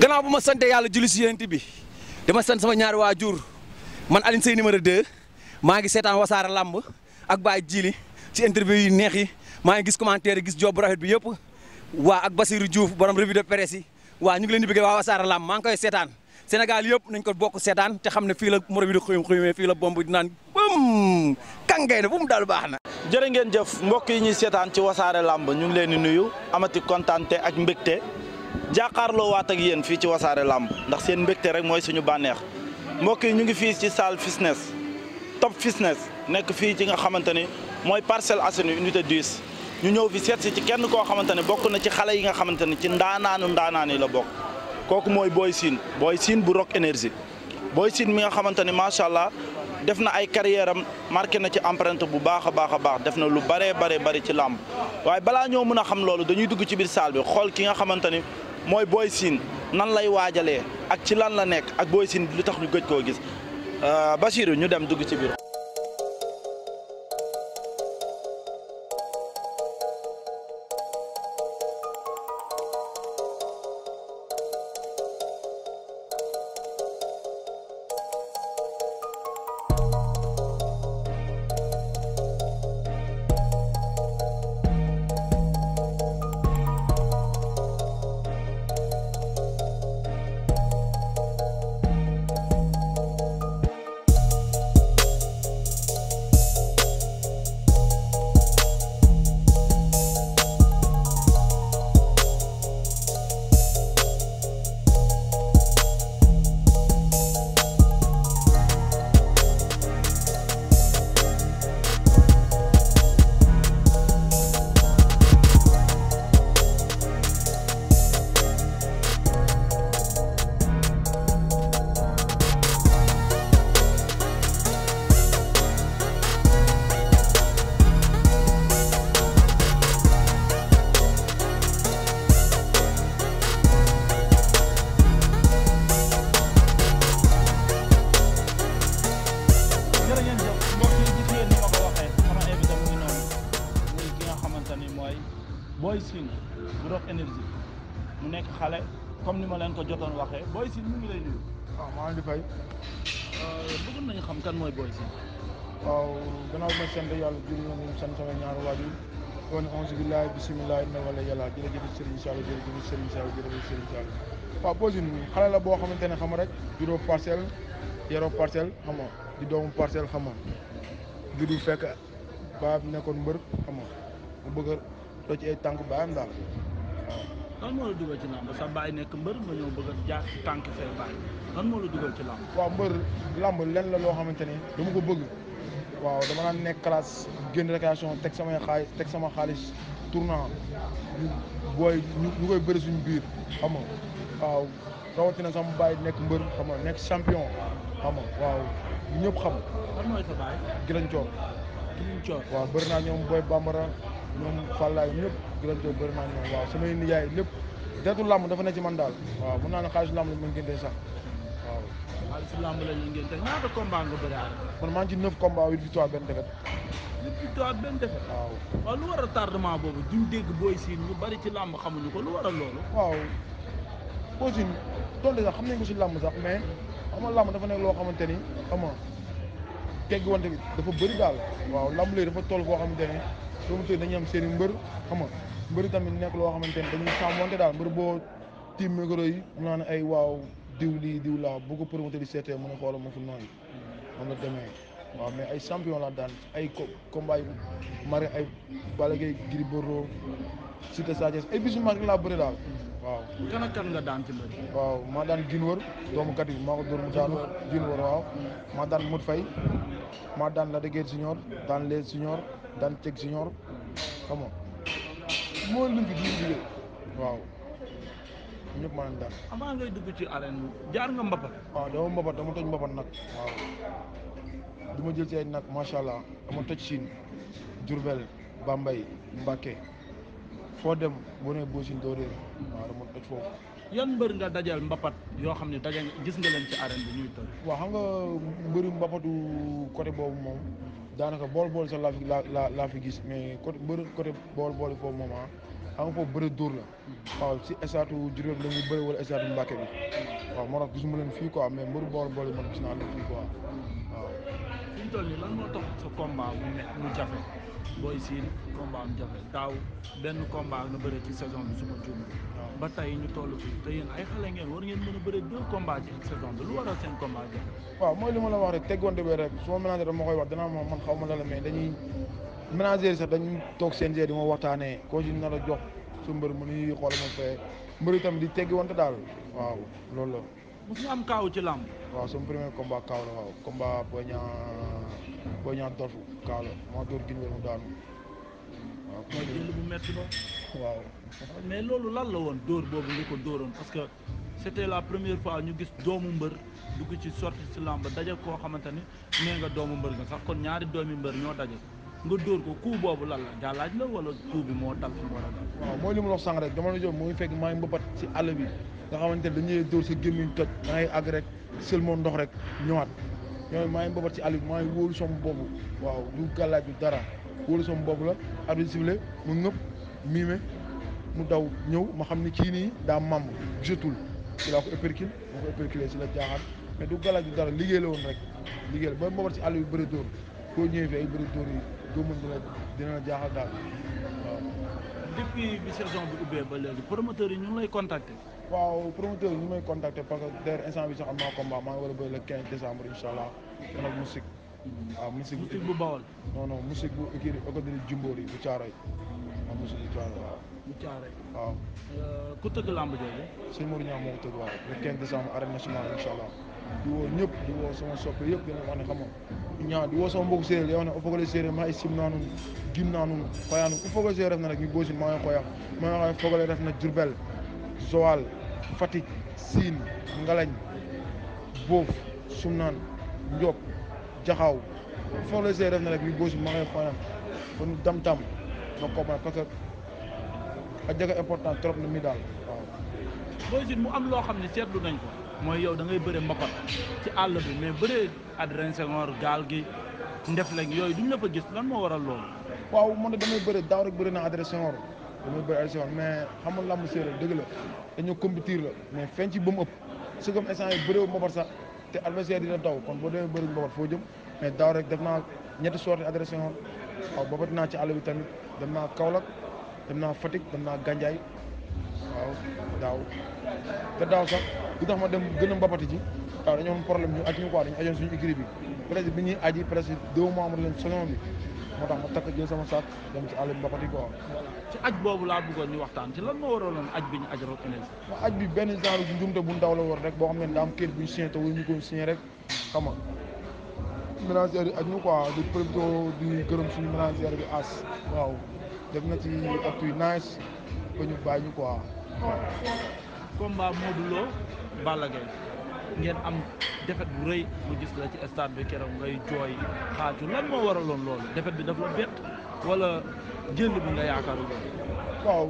gannaaw bu ma santee yàlla julli si yent bi dama sant sama ñaari waajur man Alioune Seye a 2 maa ngi seetaan wasaara làmb ak Baye Djili ci interview yi neex yi maa ngi gis commentaire gis job bu rafet bi yëpp waa ak Basirou Diouf borom revue de presse yi waa ñu ngi leen di bëgg waa wasaara làmb maa ngi koy seetaan Sénégal yëpp nañ ko bokk seetaan te xam ne fii la moro bi di xuyum xuyumee fii la bomb di naan bam kàngay na bu mu daal baax na jërë ngeen jëf mbokk yi ñuy seetaan ci wasaare làmb ñu ngi leen di nuyu amati kontaan ak mbégte jàkkaarloo waat ak yéen fii ci wasaare làmb ndax seen mbégte rek mooy suñu bànneex mbokk yi ñu ngi fii ci salle fitness top fitness nekk fii ci nga xamante ni mooy Parcelles Assainies unité 10 ñu ñëw fi seet ci kenn koo xamante ne bokk na ci xale yi nga xamante ni ci ndaanaanu ndaanaan la bokk kooku mooy Boy Sine Boy Sine bu Rock Énergie Boy Sine mi nga xamante ni macha allah def na ay carrière am na ci empreinte bu baax a baax a baax def na lu baree bare bari ci làmb waaye ñoo mën a xam loolu dañuy dugg ci biir salle bi xool ki nga xamante ni mooy Boy Sine nan lay waajalee ak ci lan la nekk ak Boy Sine lu tax ñu gëj koo gis euh, Basiru ñu dem dugg ci biir. maa ngi fay. Euh, bëggoon nañu xam kan mooy Boy Sène. waaw gannaaw ma sant yàlla jur na ñu sant sama ñaar waajur kon onze billahi bisimilah inna wala yàlla jërëjëf Serigne Sall jërëjëf Serigne Sall jërëjëf Serigne Sall waaw Boy Sène xale la boo xamante ne xam rek juróom parcelle yaroo parcelle xam di doomu parcelle xam nga juddu fekk baab nekkoon mbër xam mu bëgg a toj ay tànk baayam daal waaw lan moo la dugal nekk mbër nga ñëw bëgg a jaar tànk baay lan la mbër làmb lenn la loo xamante ni dama ko bëgg waaw dama naan nekk classe génn récréation teg samay xaalis teg sama xaalis tournant ñu koy bëri suñu biir xam nga waaw rawatina baay nekk mbër xam nekk champion xam nga waaw xam. lan mooy waaw bëri naa ñoom booy bambara. ñoom Fallaye ñëpp gërëm coow bëri naa ñoom lépp deetu làmb dafa ne ci man daal waaw mën naa ne xaalisu làmb la ñu ngénte sax waaw. xaalisu làmb la ñu ngénte ñaata combat nga bëri man maa ngi ci neuf combat huit victoire benn défaite. huit waaw lu war a tardement boobu duñ dégg Boy Sine ñu bari ci làmb xamuñu ko lu war a loolu. waaw Boy Sine donte sax xam nañ ko si làmb sax mais xam nga làmb dafa nekk loo xamante ni xam nga tegg wante bi dafa bëri daal waaw làmb léegi dafa toll foo xamante promoteur dañuy am seen i mbër xam nga mbër tamit nekk loo xamante ne dañuy sàmmonte daal mbër boo tiim micro yi naan ay waaw diw lii diw laa bu ko promoteur di seetee mën a xoolal ma fu nooy ma la demee waaw mais ay champion la daan ay combat yu mari ay Balla gi Gris Bordeaux Siteu Sa Thiès laa bëri daal waaw kan ak kan nga daan ci mbër waaw maa daan gin wër doomu kat maa ko dóor wër daan mut fay daan la dëggeer siñor daan lees siñor daan ceg siñor waaw ñëpp maa leen daan jaar nga ah, mbapat dama toj mbapat nag waaw du jël ci ay nag allah dama toj Chine Diourbel Bambey Mbacké foo dem bu ne Bou Sine doo réer waaw yan mbër nga dajal mbapat yoo xam ne daje gis nga leen ci arène bi ñuy tënk. waaw xam nga mbëri mbapatu côté boobu moom daanaka bool-bool sax laa fi laa fi gis mais côté mbëri côté bool-bool foofu moom ah xam nga foofu bëri dóor la. waaw si estatu Diourbel la ñuy bëri wala estatu Mbàkke bi waaw moo tax gisuma leen fii quoi mais mbëri bool-bool yi man gis naa leen fii quoi waaw. fi mu toll nii lan moo Boy Sine combat am jafe daaw benn combat na bëre ci saison bi su ma juum ba tey ñu toll fii te yéen ay xale ngeen war ngeen mën a bëre deux combats ci saison bi lu waral seen combat jafe. waaw mooy li ma la wax rek teggoonte bi rek su ma manager dama koy wax dinaa ma man xaw ma la la mais dañuy manager sax dañuy toog seen di moo waxtaanee ko ci nar a jox su mbër mu nuy xool ma fee mbër itam di teggi wante daal waaw loolu la. mosu ñu am kaaw ci làmb. waaw sama premier combat kaaw la waaw combat Boy Niang kaaw la maa dóor gin wér mu daanu. waaw mooy mais loolu lan la woon dóor boobu nga ko dóoroon parce que c'était la première fois ñu gis doomu mbër dugg ci sorti ci làmb daje koo xamante ni nee nga doomu mbër nga sax kon ñaari doomi mbër ñoo daje. nga dóor ko coup boobu lan la jàllaaj la wala coup bi moo dal fi mu war a dal waaw mooy li mu wax sànq rek jamono jooju fekk maa ngi si àll bi nga xamante ne dañuy dóor sa gémmiñ toj da ag rek rek moo ndox rek ñëwaat ñooñu maa ngi mbëppat si àll bi maa ngi boobu waaw du gàllaaj dara wóolu boobu la arbitre bi sifflé mu ngëpp miime mu daw ñëw ma xam ne kii nii daa mam gisatul si laa ko épercule moo ko éperculé si la jaaxaat mais du gàllaaj du dara liggéey la woon rek liggéey la booy mbëppat si àll bi bëri dóor boo ñëwee fi ay bëri dóor yi gëmul dina dina jaaxal daal waaw. depuis bi saison bi ubbee ba léegi promoteurs yi ñu ngi lay contacter. waaw promoteur yi ñu may contacter parce que instant bi sax am naa combat maa ngi war a bëri le 15 décembre incha allah dana ak musique. waaw musique bu musique bu bawal. non non musique bu kii école jumboor yi bu caaroy waaw musique bu caaroy waaw. waaw. Euh, ku tëgg lamb jooju. sëñ Mor Niang moo tëgg waaw le 15 décembre arène nationale incha allah. di woo ñëpp di woo sama sopp yëpp dina ne xam nga ñaa di woo sama mbokk séeréer yow ne o fogole séeréer maa sim naa nun gim naa nun xoyaa nun o fogole na rek mi boosin maa ngi xoya maa ngi xoya fogole ref na Diourbel Joal Fatick Sine Ngalañ Boof Sumnaan o fogole séeréer dam tam a jega important trop na mi daal boosin mu am loo xam ne seetlu nañ mooy yow da ngay bëre mbapat ci àll bi mais bëree Adrien Senghor gaal gi ndef lañ yooyu duñ la fa gis lan moo waral loolu. waaw man de damay bëre daaw rek bëri na Adrien Senghor damay bëri Adrien Senghor mais xam nga làmb séeréer dëgg la dañoo compétir la mais feeñ ci ba mu ëpp su ko instant yi bëree wu mbapat sax te adversaire dina taw kon boo demee mbapat foo jëm mais daaw rek def naa ñetti sorties Adrien Senghor waaw booba dinaa ci àll bi tamit dem naa Kaolack dem naa Fatick dem naa Gandiaye daaw te daaw sax du tax ma dem gën a mbapati ji waaw dañoo am problème ñu aj ñu quoi dañu ajoon suñu écurie bi bi ñuy aji presque deux mois ma leen saison bi moo tax ma takk jël sama saak dem ci àll bi mbapati quoi. ci aj boobu laa bëggoon ñu waxtaan ci lan moo waraloon aj bi ñu aj Rock Énergie. waaw aj bi benn genre njumte bu ndaw la woon rek boo xam ne daa am kayit bu ñu signé te wuñu ko signé rek xam nga ménagère yi aj ñu quoi di profité di gërëm suñu ménagère bi as waaw def nga ci at yu nice ba ñu ñu quoi. combat Modou Lo Balla Gaye ngeen am defet bu rëy mu gis la ci stade bi keroog ngay jooy xaaju lan moo waraloon loolu defet bi daf la bett wala jël bi nga yaakaaru loolu waaw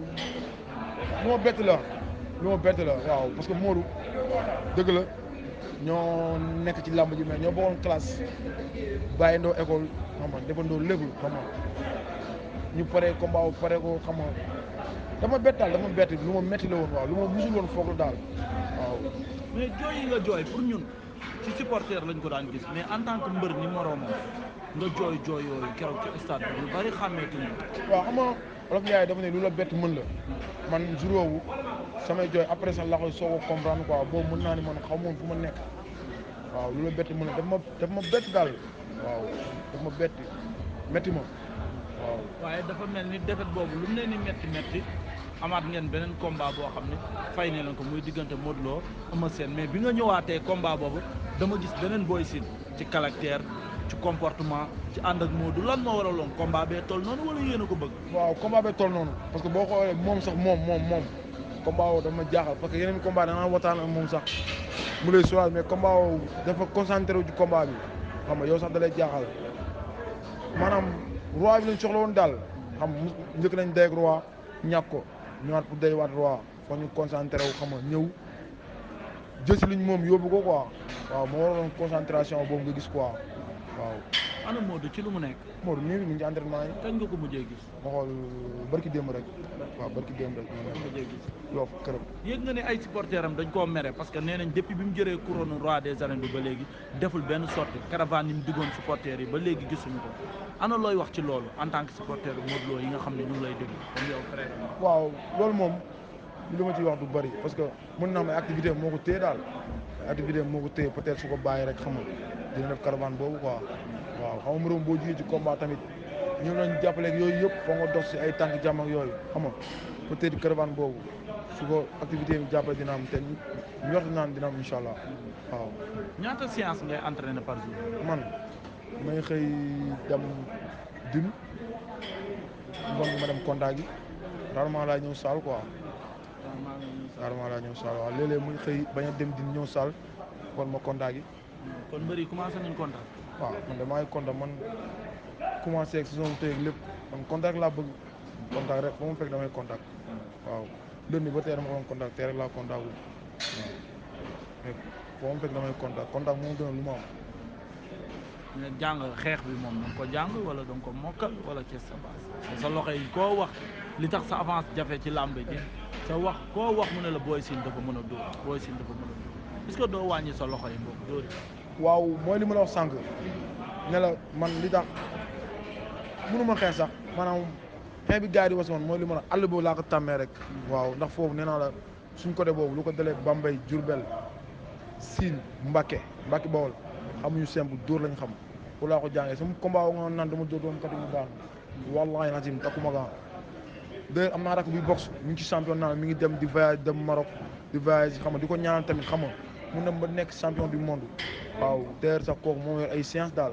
lu ma bett la lu ma bett la waaw parce que Modou dëgg la ñoo nekk ci làmb ji mais ñoo bokkoon classe bàyyi ndoo école xam nga defandoo lépp xam ñu pare combat pare ko xam dama bett daal dama bett lu ma métti la woon waaw lu ma musul daal waaw. ci supporter lañ ko daan gis en tant mbër ni moroomam nga jooy jooy yooyu keroog ci stade bi lu bari xàmmeetuñu. waaw xam nga dafa la man jour wu samay jooy après sax la koy mën naa ne man xaw ma fu ma nekk waaw lu la bett mën la daf ma daf ma bett daal waaw daf ma bett ma waaw. waaye dafa mel ni defet boobu lu mu leen di métti métti. amaat ngeen beneen combat boo xam ne fay ne leen ko muy diggante Modou Lo Eumeu Sène mais bi nga ñëwaatee combat boobu dama gis beneen Boy Sine ci caractère ci comportement ci ànd ak Modou lan moo waraloon combat bee toll noonu wala yéen a ko bëgg. waaw combat bee toll noonu parce que boo xoolee moom sax moom moom moom combat woowu dama jaaxal parce que yeneen combat da nga waxtaan ak moom sax mu lay suwaat mais combat woowu dafa concentré wu ci bi xam nga yow sax da lay jaaxal maanaam roi bi lañ soxla nañ day ñàkk ko. ñëwaat pour day waat roi fa ñu concentré wu xam nga ñëw jël si moom yóbbu ko quoi waaw moo waroon concentration boobu nga gis quoi waaw. ana Modou ci lu mu nekk. Modou ñu ngi ñu ngi ci entraînement yi. kañ nga ko mujjee gis. ma xool barki démb rek. waaw barki démb rek. nga mujjee gis. loof këram. yëg nga ne ay supporters dañ koo mere parce que nee nañ depuis bi mu jëree couronne roi des arènes bi ba léegi deful benn sorte caravane yi mu duggoon supporters yi ba léegi gisuñu ko ana looy wax ci loolu en tant que supporter Modou Lo yi nga xam ne ñu lay déglu waaw loolu moom li ma ci wax du bëri parce que mën naa am ay moo ko téye daal activité moo ko téye peut-être su ko bàyyi rek xam nga dina def caravane waaw xam nga morom boo jugee ci combat tamit ñoom lañ jàppaleeg yooyu yëpp foo nga dox si ay tànk jàmm ak yooyu xam nga peut-être caravane boobu su ko activité bi jàppale dina am te ñu wax naan dina am incha allah waaw. ñaata séance ngay entraîner par jour. man may xëy dem dun ngoon ma dem contact yi rarement laa ñëw saal quoi. rarement laa ñëw saal waaw léeg-léeg muy xëy bañ a dem din ñëw saal kon ma contact kon mbër yi commencé nañ waaw man de maa ngi kontaan man commencé ak saison tey lépp man contact laa bëgg contact rek ba mu fekk damay contact waaw lundi ba tey dama doon contact tey rek laa moom gën a lu ma am. jàng xeex bi moom da ko jàng wala da nga ko mokkal wala ci sa base sa loxo yi koo wax li tax sa avance jafe ci làmb ji sa wax koo wax mu ne la Boy Sine dafa mën a dóor Boy Sine dafa mën a dóor est-ce que doo wàññi sa loxo yi moom dóor yi. waaw mooy li ma la wax sànq ne man li tax mënu ma xeex sax maanaam xeex bi gars di wasi mooy li ma la àll boobu laa ko tàmmee rek waaw ndax foofu nee naa la suñ côté boobu lu ko dalee Bambey Diourbel Sine Mbacké Mbacké Bawol xamuñu simple dóor lañ xam ku laa ko jàngee sama combat wo nga naan dama dóor doom kati mu daan wallahi lazim takkuma gaan d'ailleurs am naa rak buy boxe ñu ngi ci championnat mi ngi dem di voyage dem Maroc di xam nga di ko ñaanal tamit xam nga na dem ba nekk champion du monde waaw d'ailleurs sax kooku moo yor ay séance daal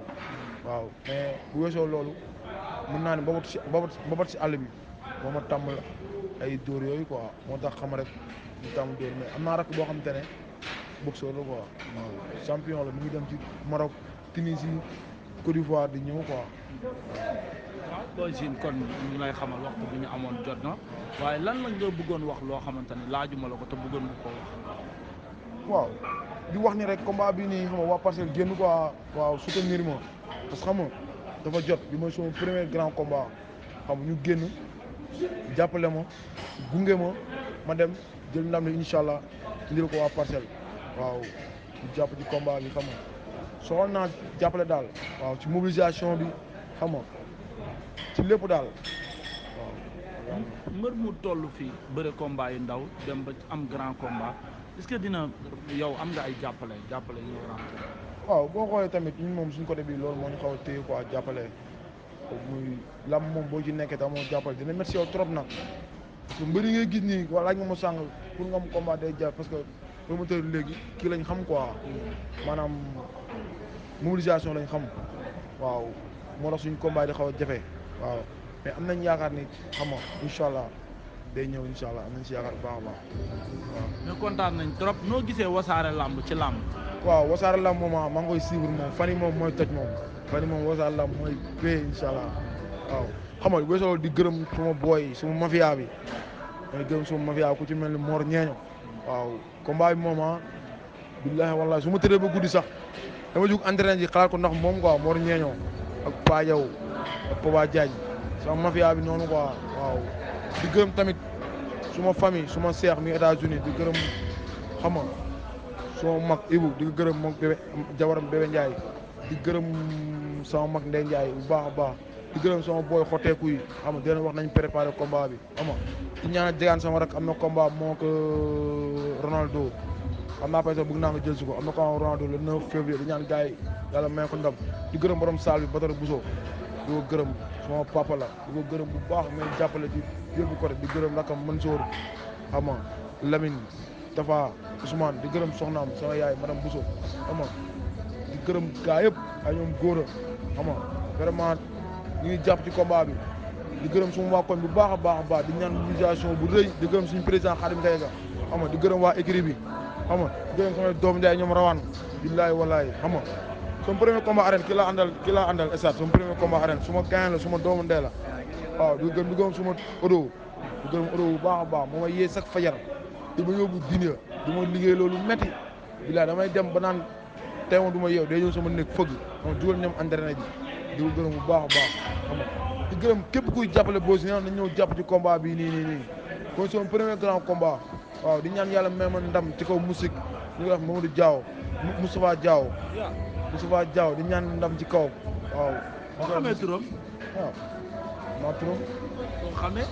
waaw mais bu weesoo loolu mën naa ne mbabat si mbabat si àll bi moo ma tàmbal ay dóor yooyu quoi moo tax xam rek ñu tàmm dóor mais am naa rak boo xam te ne boxeur la quoi champion la mu ngi dem ci Maroc Tunisie Côte d'Ivoire di ñëw quoi waaw Boy Jine kon ñu lay xamal ñu amoon jot na waaye lan lañ bëggoon wax loo xamante ne laajuma la ko te bëggoon bu ko wax waaw di wax ni rek combat bi nii xam waa parcelle génn quoi waaw soutenir ma parce que xam dafa jot bi mooy sama premier grand combat xam ñu génn jàppale ma gunge ma ma dem jël ndam li incha allah indil ko waa parcelle waaw ñu jàpp ci combat bi xam nga soxal naa jàppale daal waaw ci mobilisation bi xam ci lépp daal waaw. mbër mu toll fii bëre combat yu ndaw dem ba am grand combat. est-ce que dina yow am nga ay jàppale jàppale ñu war a waaw boo xoolee tamit ñun moom suñ côté bi loolu moo ñu xaw a téye quoi jàppale muy lam moom boo ci nekkee tam moo jàppale dina métti yow trop nag parce que mbëri ngay gis nii wala laaj nga mu sàng pour nga mu combat day jàpp parce que promoteur léegi kii lañ xam quoi maanaam mobilisation lañ xam waaw moo tax suñ combat di xaw a jafe waaw mais am nañ yaakaar ni xam nga incha allah day ñëw incha allah am si yaakaar baax a baax waaw. mais kontaan nañ trop noo gisee wasaare lamb ci lamb. waaw wasaare lamb moom ah, maa ngi koy suivre moom fan mooy toj moom fan yii moom wasaare lamb mooy bee incha allah waaw xam nga solo di gërëm suma booy suma mafia bi mooy gërëm suma mafia ku ci mel ni Mor Ñeeño waaw combat bi moom ah billahi wallahi su ma ba guddi sax dama jug entraîné ji xalaat ko ndax moom quoi Mor Ñeeño ak Pa Jaw ak Papa Diagne sama suma famille suma seex mi États-Unis di gërëm xam nga suma mag Ibou di gërëm moom bébé jabaram bébé di gërëm sama mag Ndeye Ndiaye bu baax a baax di gërëm sama booy xoteeku yi xam nga di wax nañ préparé combat bi xam ñaan di ñaanal jegaan sama rak am na combat moo ko euh, Ronaldo xam naa peut-être bëgg naa nga jël si ko am na combat Ronaldo le 9 février di ñaan gars yi may ko ndam di gërëm borom saal bi Badara Bousso di ko gërëm sama papa di ko gërëm bu baax may jàppale ci yóbbu ko rek di gërëm rakam Mansour ama Lamine Tafa Ousmane di gërëm soxnaam sama yaay madame Bousso ama di gërëm gaa yëpp ay ñoom góora a ama vraiment ngi jàpp ci combat bi di gërëm suñu waa koñ bu baax a baax a baax di ñaan mobilisation bu rëy di gërëm suñu président Khadim Kayga ama di gërëm waa écrit bi ama di gërëm sama doom jaay ñoom rawaan billaay walaay ama sama premier combat arène ki laa àndal ki laa àndal estat sama premier combat arène su ma suma la su doomu ndey la waaw du gën du gëm suma du gën oto bu baax a baax moo ma yee sax fajar di ma yóbbu dina di ma liggéey loolu métti bilaa damay dem ba naan tey du may yeew day ñëw sama nekk fëgg moom jugal ñoom entraîné di ko gërëm bu baax a baax xam nga di gërëm képp kuy jàppale Boy Djiné nañ ñëw jàpp ci combat bii nii nii nii kon sama premier grand combat waaw di ñaan yàlla may ma ndam ci kaw musique ñu koy wax Mamadou Diaw Moustapha Diaw Moustapha Diaw di ñaan ndam ci kaw waaw waaw maa turam. soo xamee.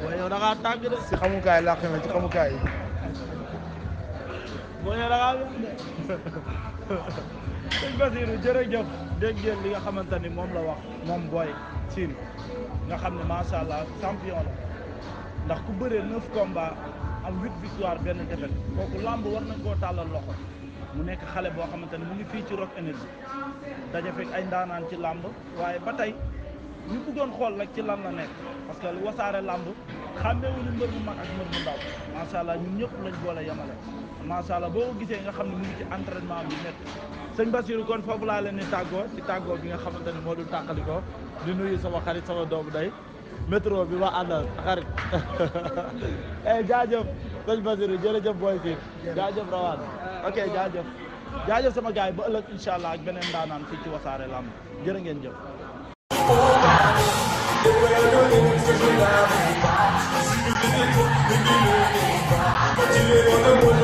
booy yow da de. si xamukaay laa xamee ci xamukaay yi. booy yow da jërëjëf dégg li nga xamante ni moom la wax moom booy siin xam ne macha allah champion ndax ku bëree neuf combats am huit victoire benn défaite kooku làmb war nañ koo mu nekk xale boo xamante ne mu ngi fii ci Rock Énergie daje fekk ay ndaanaan ci làmb waaye ba tey. ñu bëggoon xool nag ci lan la nekk parce que wasaare làmb xàmmeewuñu mbër mu mag ak mbër mu ndaw macha allah ñun ñëpp lañ boole yemale macha allah boo gisee nga xam ni mu ngi ci entraînement bi métti sëñ Basiru kon foofu laa leen di tàggoo ci tàggoo bi nga xamante ne moo dul tàqalikoo di nuyu sama xarit sama doomu day métro bi ma àndal xarit eh, jaajëf sëñ Basiru jërëjëf booy fii jaajëf rawaan ok jaajëf jaajëf sama gaay ba ëllëg incha allah ak beneen daanaan fii ci wasaare làmb jërë ngeen jëf But you live on the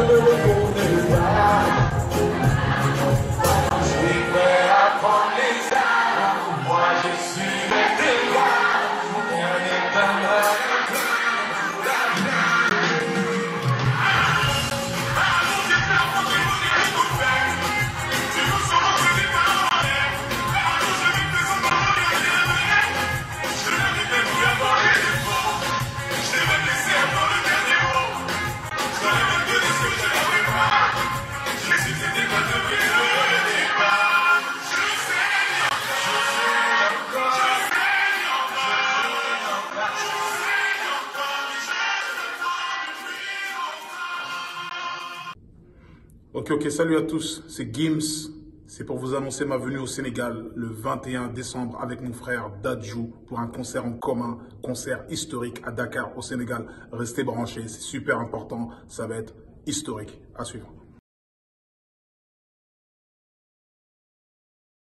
Ok, salut à tous, c'est Gims. C'est pour vous annoncer ma venue au Sénégal le 21 décembre avec mon frère Dadju pour un concert en commun, concert historique à Dakar au Sénégal. Restez branchés, c'est super important, ça va être historique. À suivre.